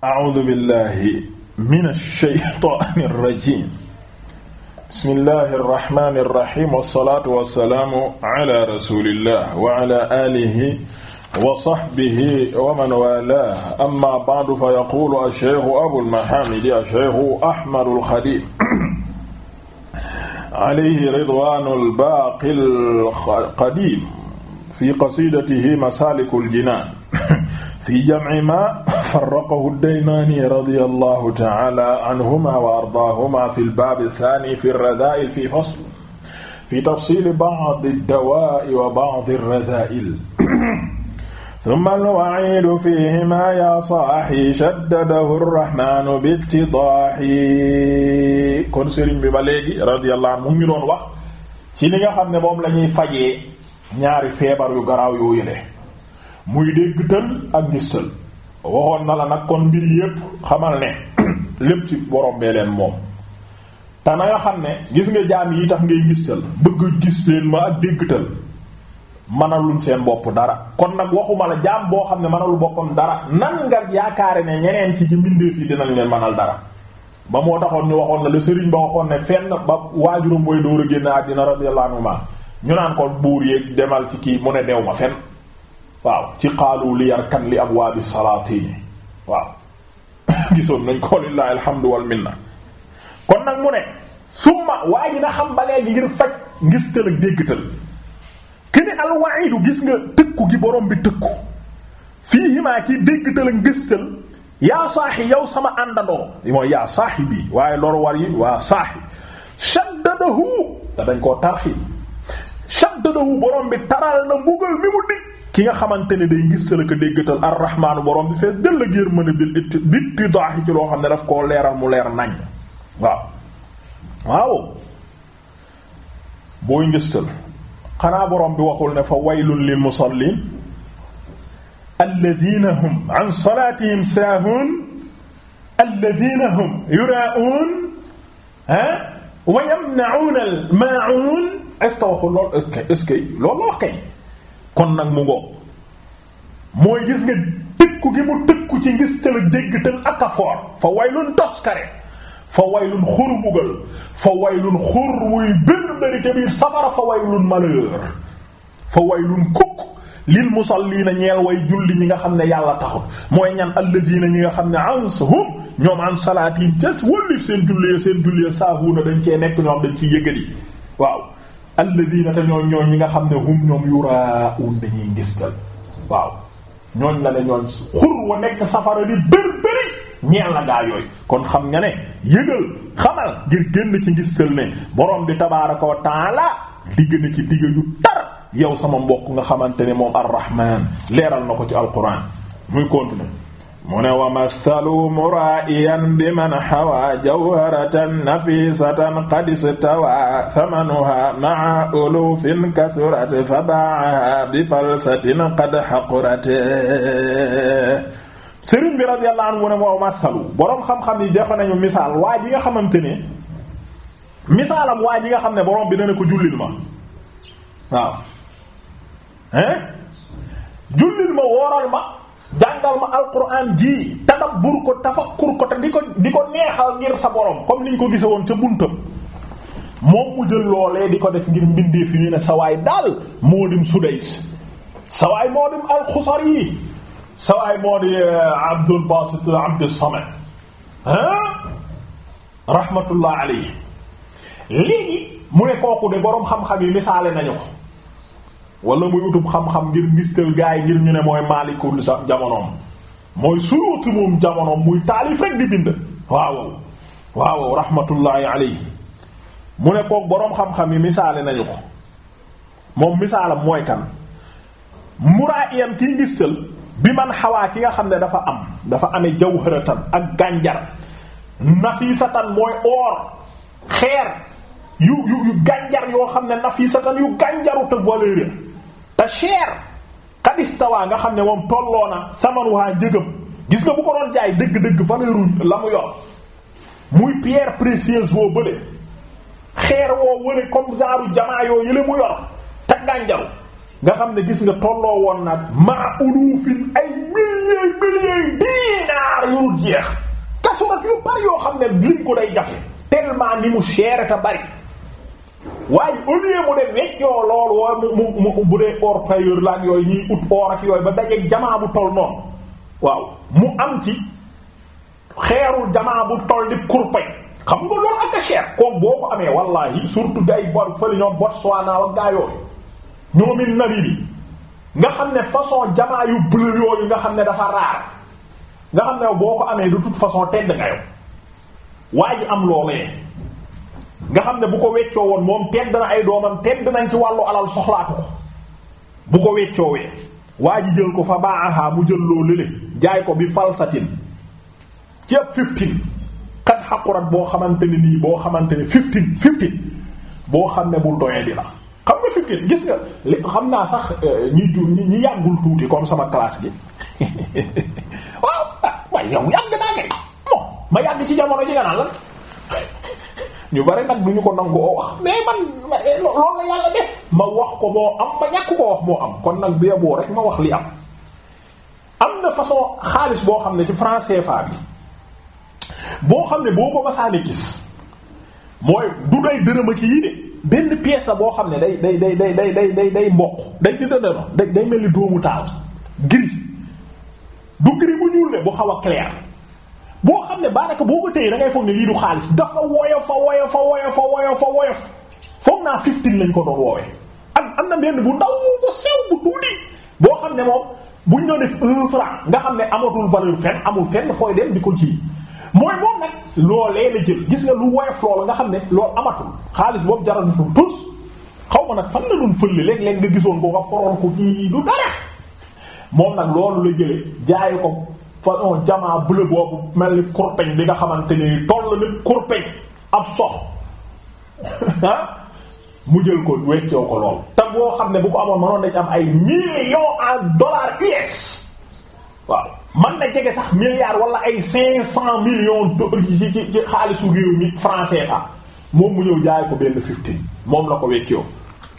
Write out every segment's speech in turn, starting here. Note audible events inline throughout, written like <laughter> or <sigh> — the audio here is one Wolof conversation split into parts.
a'uudu billahi mina shaytaani rajiim bismillahi irrahmani irrahim wassalaatu wassalaamu ala rasulillah wa ala aalihi wa sahbihi wa man waalaahu amma ba'du fa yaquulu ash-shaykhu abul mahaamidi ash-shaykhu ahmadul xadiim <clears throat> alayhi ridwaanul baaqil qadiim fi qasiidatihi masaalikul jinaan <clears throat> fi jam'i maa farraqahu ad-Daymaani radiyallahu ta'ala anhuma wa ardaahuma fi al-baab ath-thaani fi ar-radhaa'il fi fasl fi tafsiil ba'd ad-dawaa'i wa ba'd ar-radhaa'il ثم الوعيد فيهما يا صاحي شدده الرحمن باتضاح kon sëriñ bi ba léegi radiyallahu anhu mu ngi doon wax ci li nga xam ne moom la ñuy fajee ñaari feebar yu garaaw yoo yële muy dégg tël ak gis tël waxoon na la nag kon mbir yépp xamal ne <clears throat> lépp ci borom bee leen moom te na nga xam ne gis nga jaam yi tax ngay gistal bëgg gis leen ma ak déggtal mënaluñ seen bopp dara kon nag waxuma la jaam boo xam ne mënalu boppam dara nan nga yaakaare ne ñeneen ci ci mbindeef yi dinañ leen manal dara ba moo taxoon ñu waxoon na la le sëriñ ba waxoon ne fenn ba waajuram booy dóor a génn àddina radiyallahu anhu ñu naan ko buur yeeg demal ci kii mu ne dew ma fenn waaw ci xaalu li yar kan li abwaabi salaatini waaw <laughs> gisoon nañ ko lillahi alhamdu wal minna kon nag mu ne summa waa na xam ba léegi ngir faj ngis tël ak déggtal kene alwaidu gis nga tëkku gi boroom bi tëkku fiihimaa ci déggtal ak yaa saaxi yow sama àndandoo mooy yaa saaxi bii waaye loru war yi waa saaxi shaddadahu te dañ koo tarxi shaddadahu borom bi taral na mbugal mi mu dig ki nga xamante ne day ngis salaka déggatal arrahmaanu borom bi fees dëll géer mën a bil itti bitti daaxi ci loo xam ne daf koo leeral mu leer nañ waaw waaw booy ngëstal xanaa borom bi waxul ne fa waylun lil musallin alladina hum an salatihim saahun alladina hum yuraa'uun ha ah, wa yamna'uuna al maa'uun est-ce que waxul lool kon nag mu ngoo mooy gis nga tëkku gi mu tëkku ci ngis tël dégg tël ak a foor fa waylun toskare fa waylun xur mbugal fa waylun xur muy bir dari ca biir safara fa waylun malheur fa waylun kukk lil musalliina ñeel way julli ñi nga xam ne yàlla taxut mooy ñan alladiina ñi nga xam ne anshum ñoom an salaatin ca wëllif seen julli seen julli saahuuna dañ cee nekk ñoom dañ ciy yëgadi waaw alladina te ñooñ ñooñ yi nga xam ne hum ñoom yuraawun dañuy ngistal waaw ñooñ la ne ñooñ xur wa nekk safara di bër bëri ñeel la gaa yooyu kon xam nga ne yëgal xamal ngir génn ci ngistal ne borom bi tabaaraka wa taala digg na ci digg yu tar yow sama mbokk nga xamante ne moom ar leeral na ko ci alquran muy continuer mu ne wa mathalu muraa'iyan bi man hawaa jawharatan nafiisatan qad istawaa thamanuhaa ma'a ulufin kathurat fa ba'ahaa bi falsatin qad haqurat sëriñ bi radiyallahu anhu mu ne wa mathalu boroom xam-xam yi joxe nañu misaal waa ji nga xamante ne misaalam waa ji nga xam ne boroom bi dana ko jullil ma waaw hein jullil ma wooral ma jàngal ma alquran ji tadabbur ko tafakkur ko te di ko di ko neexal ngir sa borom comme li ñu ko gise woon ca buntam moom mu jël loolee di ko def ngir mbindee fi ñu ne sawaay daal moo dim Sudays sawaay moo dem alxusari yi sawaay moo di eh, Abdul Basit Abdus Samad ah rahmatullah alayhi mu ne kooku de boroom xam-xam yi misaale nañu ko wala muy utub xam-xam ngir ngistal gaay ngir ñu ne mooy maalikul sa jamonoom mooy suluuki moom jamonoom muy taalif rek di bind waaw waaw rahmatullahi alayhi mu ne kook boroom xam-xam yi misaale nañu ko moom misaalam mooy kan muraayan kiy ngistal bi man xawaa ki nga xam ne dafa am dafa amee jawharatan ak gànjar nafisatan mooy or xeer yu yu yu gànjar yoo xam ne nafisatan yu gànjaru te valeur te cher qad nga xam ne moom tolloo na samanuwaa njëgam gis nga bu ko doon jaay dëgg-dëgg valeuru la mu yor muy pierre précieuse woo bële xeer woo wële comme genre jamaa yoo yële yor te gànjaru nga xam ne gis nga tolloo woon nag maa ulufin ay milliers milliers dinaar yu jeex kasurat yu bari yoo xam ne lim ko day jafe tellement ni te bari waaye au lieu mu dem weccoo lool wooy mu mu bu dee or tailleur laak yooyu ñuy ut or ak yooyu ba dajeeg jamaa bu toll noonu waaw mu am ci xeerul jamaa bu toll di kurpay xam nga loolu ak a cher koom boo ko surtout day bor fële ñoom Botswana wa gaa yooyu ñoomin nabi bi nga xam ne façon jamaa yu bleu yooyu nga xam ne dafa raar nga xam ne boo ko amee de toute façon tedd nga yow waa ji am loolee nga xam ne bu ko weccoo woon moom tedd na ay doomam tedd nañ ci wàllu alal soxlaatu ko bu ko weccoowee waa ji jël ko fa baaha mu jël loo lële jaay ko bi falsatin ceeb fifteen xat xaqurat boo xamante ne nii boo xamante ne fifteen fifteen boo xam ne bul doyee di la xam nga fifteen gis nga li xam naa sax euh, ñi du ñi ñi yàggul tuuti comme sama classe gi <laughs> waaw ah, yàgg naa ngay bon ma yàgg ci jamono ji la ñu bari nag du ñu ko nangoo wax mais man eh, loolu la yàlla def ma wax ko moo am ma ñàkk ko wax moo am kon nag bee boo rek ma wax li am am na façon xaalis boo xam ne ci franc CFA bi boo xam ne boo ko masaane gis mooy du day dërëm ak yii de benn pièce boo xam ne day day day day day day day day mboq day dina day day mel ni doomu taal gris du gris bu ñuul ne bu xaw a clair boo xam ne daanaka boo ko téye da ngay foog ne lii du xaalis dafa woyofa woyofa woyofa woyofa woyof foog naa 15 lañ ko doon woowee. ak am na benn bu ndaw bu sew bu tuuti boo xam ne moom buñ doon def un franc nga xam ne amatul valeur fenn amul fenn fooy dem di ko ji mooy moom nag loolee la jël gis nga lu woyof loola nga xam ne loolu amatul xaalis boobu jaranatul tus xaw ma nag fan la doon fële léeg-léeg nga gisoon ko nga foroon ko kii du dara moom nag loolu la jëlee jaay ko. façon jamaa bleu boobu mel ni kurpeñ bi nga xamante ni toll ni kurpeñ ab sox ah? mu jël ko weccoo ko lool te boo xam ne bu ko amoon mënoon na ci am ay millions en US waaw man na jege sax milliards wala ay cinq cent millions dollars ci ci ci xaalisu réew mi français fa moom mu ñëw jaay ko benn fifteen moom la ko weccoo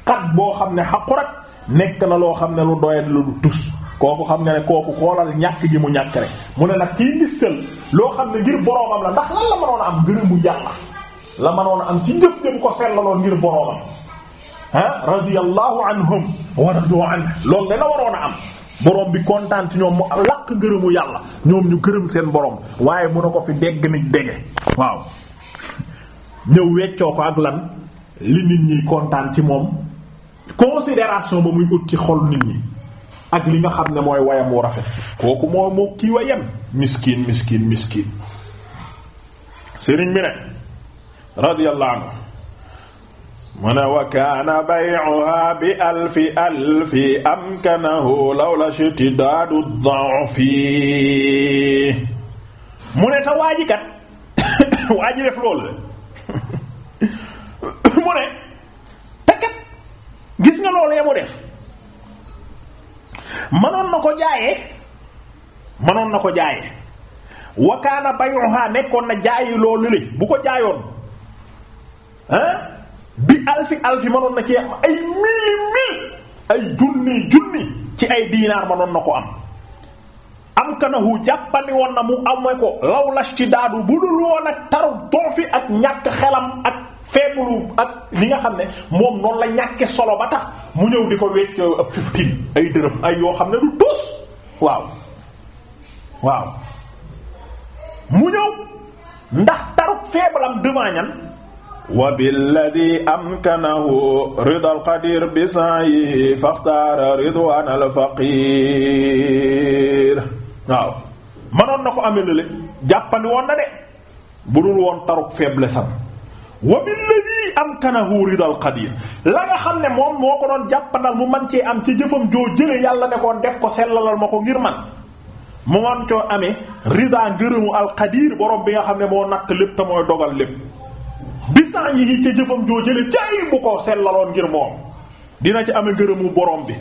kat boo xam ne xaqu rek nekk na loo xam ne lu doyat la lu tus kooku xam nga ne kooku xoolal ñàkk gi mu ñàkk rek mu ne nag kii ngistal loo xam ne ngir boroomam la ndax lan la mënoon a am gërëmu yàlla la mënoon a am ci jëf dem ko sellaloon ngir boroomam ah radiyallahu anhum waroon a am borom bi kontaan ci ñoom mu làq ngërëmu yàlla ñoom ñu gërëm seen boroom waaye mu ne ko fi dégg ni dégg waaw ñëw weccoo ko ak lan li nit ñi kontaan ci moom considération ba muy ut ci xol nit ñi ak li nga xam ne mooy wayam wu rafet kooku moo moo kii wa miskin miskin miskin sëriñ bi ne radiyallahu anhu mu ne wa kaana bay'uha bi alfi alfi amkanahu lawla shtidaadu dha'fi mu ne te waaji kat <coughs> waaji def loolu <coughs> mu ne te kat gis nga loolu yamu def mënoon na ko jaayee mënoon na ko jaayee wakaana bay'uha nekkoon na jaayi loolu le bu ko jaayoon ah bi alfi alfi mënoon na ci am ay mili mil ay junni junni ci ay diinaar mënoon na ko am am jàppandi woon na mu amee ko law ci daadu bu dul woon ak taru doofi ak ñàkk xelam ak feebulu ak li nga xam ne moom noonu la ñàkke solo ba tax mu ñëw di ko weccoo euh, ab fiftin ay dërëm ay yoo xam ne du tus waaw waaw mu ñëw ndax taruk feebalam devant wa billadi amkanahu ridal waaw manoon na ko amee lële jàppandi woon na de bu dul woon taruk faiblesse am wa billadi amkanahu ridal qadir la nga xam ne moom moo ko doon jàppandal mu man cee am ci jëfam joo jële yàlla ne koon def ko sellalal ma ko ngir man mu man coo amee rida ngërëmu alqadir borom bi nga xam ne moo natt lépp te mooy dogal lépp bisaan yi ca jëfam joo jële jaay bu ko sellaloon ngir moom dina ci amee ngërëmu borom bi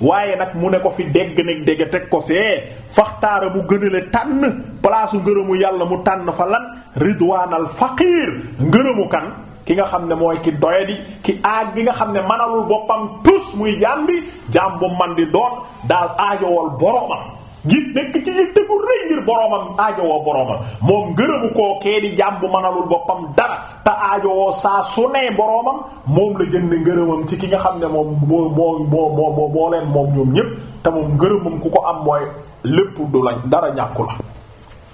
waaye nag mu ne ko fi dégg nag dégg teg ko fee faxtaara bu gënale tànn palaasu ngërëmu yàlla mu tànn fa lan ridwaanal faqiir ngërëmu kan ki nga xam ne mooy ki doyadi ki aaj bi nga xam ne manalul boppam tus muy jaam jaam bu man di doon daal aajowal boromam ngir nekk ci yitte bu rëy ngir boromam aajowoo boromam moom ngërëmu koo kee di jàmm bu boppam dara te aajowoo saa su nee boromam moom la jënd ngërëmam ci ki nga xam ne moom moo moo moo moo moo leen moom ñépp te moom ngërëmam ku ko am mooy lépp du la dara ñàkku la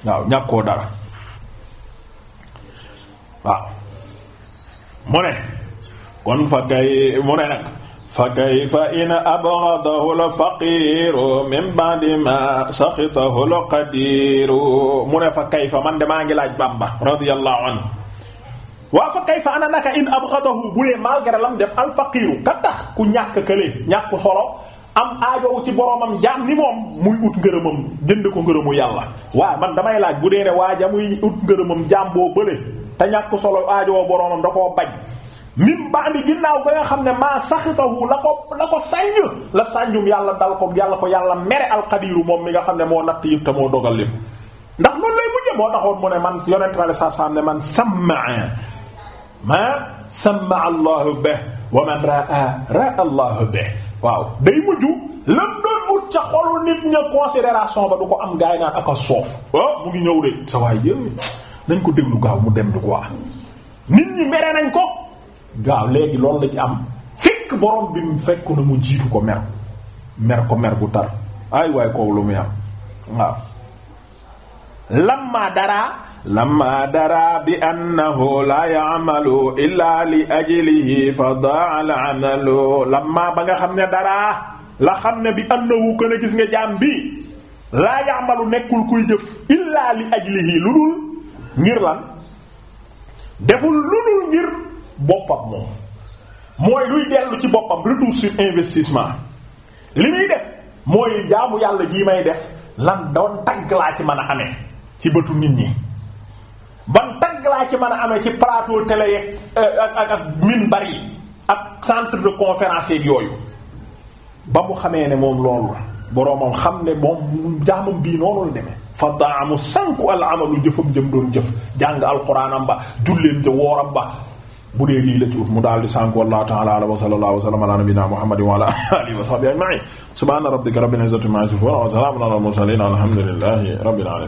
waaw ñàkkoo dara waaw mu ne kon fa kay mu ne nag fa kayfa in abghadahu al-faqiru min ba'di ma sakhitahu al mu ne fa kayfa man de maa ngi laaj Bamba radiyallahu anhu waa fa kayfa ana naka in abghadahu bu dee malgré def al-faqiru ka tax ku ñàkk kële ñàkk xolo am aajowu ci boromam jaam ni moom muy ut ngërëmam jënd ko ngërëmu yàlla waaw man damay laaj bu dee ne waaja muy ut ngërëmam jaam boo bële te ñàkk solo aajowoo boromam da koo bañ min ba'di ginnaaw ba nga xam ne maa saxitahu la ko la ko saññ la saññum yàlla dal ko yàlla ko yàlla mere alxadiiru moom mi nga xam ne moo natt yëpp te moo dogal lépp ndax loolu lay mujje moo taxoon mu ne man yonent bi saa saa ne man sammaa ma sammaa allahu waaw day mujju lam doon ut ca xolu nit ña considération ba du ko am gaay naan ak a soof oh, mu ngi ñëw de sa waay yë nañ ko déglu gaaw mu dem du ko waa nit ñi mere nañ ko waaw léegi loolu la ci am fekk borom bi mu fekk na mu jiitu ko mer mer ko mer gu tar ay waay koow lu muy am waaw lamma daraa lamma daraa bi annahu la ya'malu illa li ajlihi fa daa al amalu lamma ba nga xam ne daraa la xam ne bi annahu ko ne gis nga jaam bi laa ya'malu nekkul kuy jëf illa li ajlihi lu dul ngir lan deful lu dul ngir boppam moom mooy luy dellu ci boppam retour sur investissement li muy def mooy jaamu yàlla jii may def lan doon tagg laa ci mën a amee ci bëtu nit ñi ban tagg laa ci mën a ame ci plateau télé yeeg euh, ak ak ak ak centre de conférence yeeg yooyu ba mu xamee ne moom loolu la boroomam xam ne moom jaamam bii noonu la demee fa daamu sanku al amalu jëfam jëm doon jëf jàng alxuraanam ba julleen ja wooram ba bu dee lii la ci ut mu daal di sànk wallahu ta'ala ala wa sallallahu wa sallam ala nabiyyina muhammadin wa ala alihi wa sahbihi ajma'in subhana rabbika rabbil izzati amma yasifun wa salamun ala al mursalin alhamdulillahi rabbil alamin